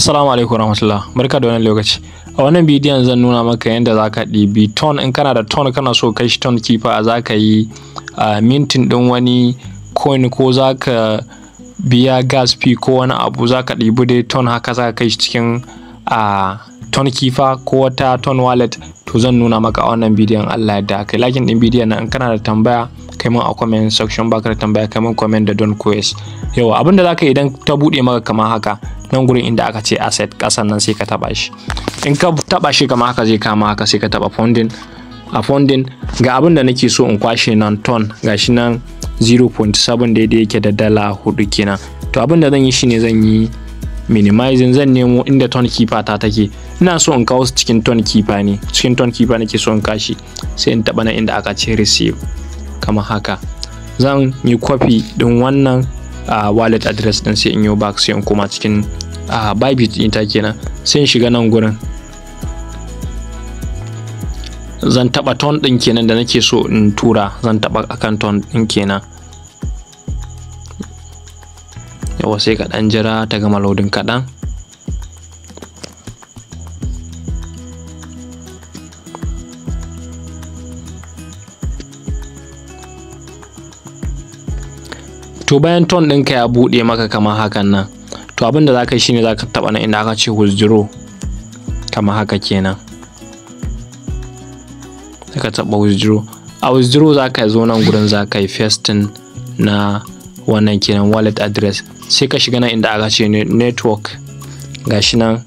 Assalamu alaikum warahmatullah. Barka da wannan lokaci. A wannan bidiyon zan nuna maka yadda za ka ɗibi ton in kana da ton kana so kai shi ton kifa za ka yi mintin ɗin wani coin ko za ka biya gas fee ko wani abu za ka ɗibi dai ton haka za ka kai shi cikin ton kifa ko wata ton wallet to zan nuna maka a wannan bidiyon Allah ya kai lakin ɗin bidiyon nan in kana da tambaya kai mun a comment section baka da tambaya kai mun comment da don quest yawa abinda za ka yi idan ta buɗe maka kamar haka nan gurin inda aka ce asset kasan nan sai ka taba shi in ka taba shi kamar haka zai kama haka sai ka taba funding a funding ga abin da nake so in kwashe nan ton gashi nan 0.7 daidai yake da dala hudu kenan to abin da zan yi shine zan yi minimizing zan nemo inda ton kifa ta take ina so in kawo cikin ton keeper ne cikin ton kifa nake so in kashi sai in taba na inda aka ce receive kamar haka zan yi copy din wannan wallet address din sai in yi back sai in koma cikin bybit din ta kenan sai in shiga nan gurin zan taba ton din kenan da nake so in tura zan taba akan ton din kenan yawa sai ka dan jira ta gama loading kaɗan to bayan ton ɗinka ya buɗe maka kamar hakan nan to abin da za ka yi shine za ka taɓa nan inda aka ce withdraw kamar haka kenan sai ka taɓa withdraw a withdraw za ka zo nan gurin za ka yi festin na wannan kenan wallet address sai ka shiga nan inda aka ce network gashi nan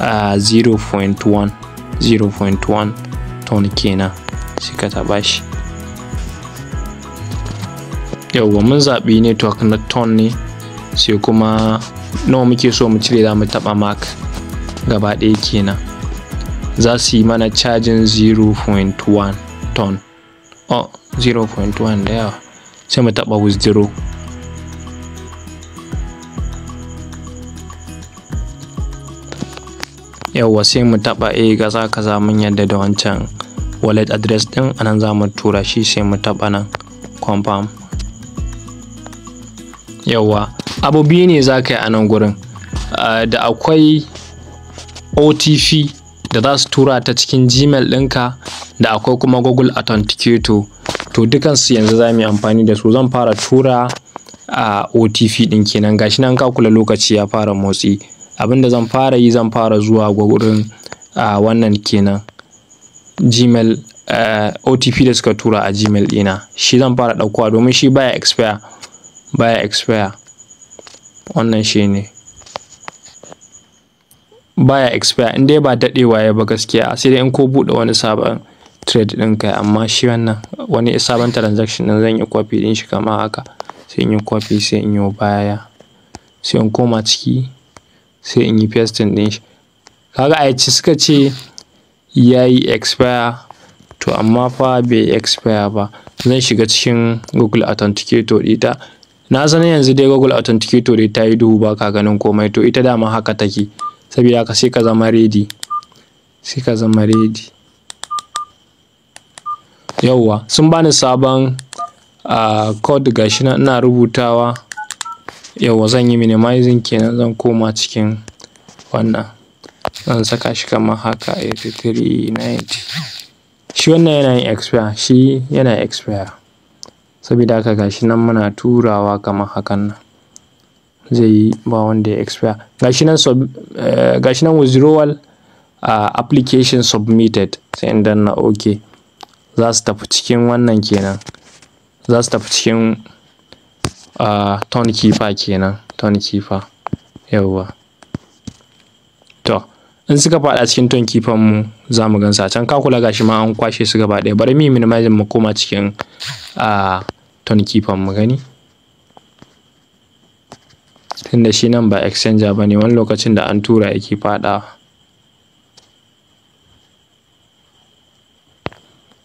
a 0.1 0.1 ton kenan sai ka taɓa shi yauwa mun zaɓi network na ton ne sai kuma nawa muke so mu cire za mu taɓa mark gaba ɗaya kenan za su yi mana cajin 0.1 ton oh 0.1 da yawa sai mu taɓa withdraw yauwa sai mu taɓa a eh, kaza kaza mun yadda da wancan wallet address ɗin anan za mu tura shi sai mu taɓa nan confirm yawa abu biyu ne za ka yi a nan gurin ah, da akwai otp da za su tura ta cikin gmail ɗinka da akwai kuma google authenticator to dukansu yanzu za mu yi amfani da su zan fara tura a ah, otp ɗin kenan gashi nan ka kula lokaci ya fara motsi abinda zan fara yi zan fara zuwa gurin ah, wannan kenan gmail eh, otp da suka tura a gmail ɗina shi zan fara ɗaukowa domin shi baya expire baya expire wannan shi ne baya expire in dai ba daɗewa ya ba gaskiya sai dai in ko buɗe wani sabon trade ɗin kai amma shi wannan wani sabon transaction ɗin zan yi copy ɗin shi kamar haka sai in yi copy sai in yi baya sai in koma ciki sai in yi pasting ɗin shi kaga a yace suka ce ya yi expire to amma fa bai expire ba zan shiga cikin google authenticator ɗita na san yanzu dai google authenticator dai ta yi duhu ba ka ganin komai to ita dama haka take saboda ka sai ka zama ready sai ka zama ready yauwa sun bani sabon uh, code gashi na ina rubutawa yauwa zan yi minimizing kenan zan koma cikin wannan zan saka shi kamar haka 8390 shi wannan yana yin expire shi yana expire saboda haka gashi nan muna turawa kamar hakan nan zai yi ba wanda ya expire gashi nan eh, nan withdrawal uh, ah, application submitted sai in danna ok za su tafi cikin wannan kenan za su tafi cikin uh, ah, ton keeper kenan ton keeper yawwa to in suka fada cikin ton keeper mu za mu gansa can ka kula gashi ma an kwashe su gaba daya bari mi minimizing mu koma cikin uh, ton mu gani tunda shi nan ba exchanger ba ne wani lokacin da an tura yake faɗawa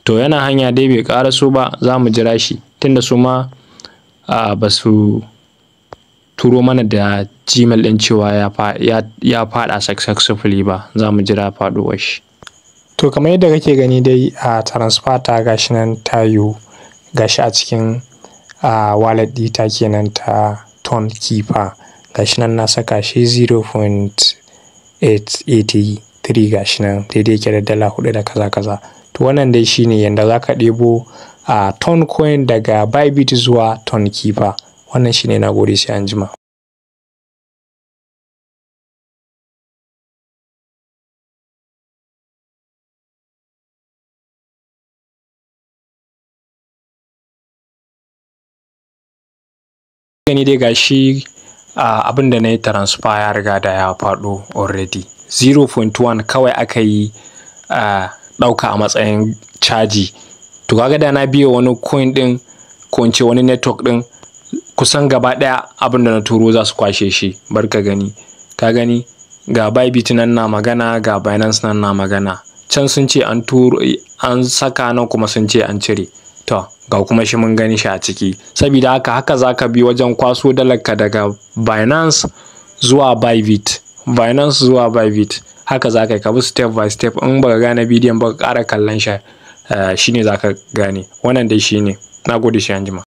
to yana hanya dai bai su ba za mu jira shi tunda su ma ba su turo mana da gmail ɗin cewa ya faɗa successfully ba za mu jira faɗuwar shi to kamar yadda kake gani dai a transfer ta gashi nan ta gashi a cikin a wallet ɗita kenan ta Ton Keeper. Gashi nan na saka shi 0.883 gashi nan daidai yake da dala hudu da kaza kaza. To wannan dai shine yanda za ka ɗebo a Ton Coin daga Bybit zuwa Ton Keeper. Wannan shine na gode sai anjima. gani dai gashi shi abin da na yi transfer ya riga da ya faɗo already 0.1 kawai aka yi ɗauka a matsayin caji to kaga da na biya wani coin din ko in ce wani network ɗin kusan gaba ɗaya abin da na turo za su kwashe shi bar ka gani ka gani ga bybit nan na magana ga binance nan na magana can sun ce an turo an saka nan kuma sun ce an cire to ga kuma shi mun gani shi a ciki saboda haka haka za ka bi wajen kwaso dalarka daga binance zuwa bybit binance zuwa bybit haka za ka yi ka bi step by step in baka gane bidiyon ba ka ƙara kallon shi eh, shine za ka gane wannan dai shine na gode shi anjima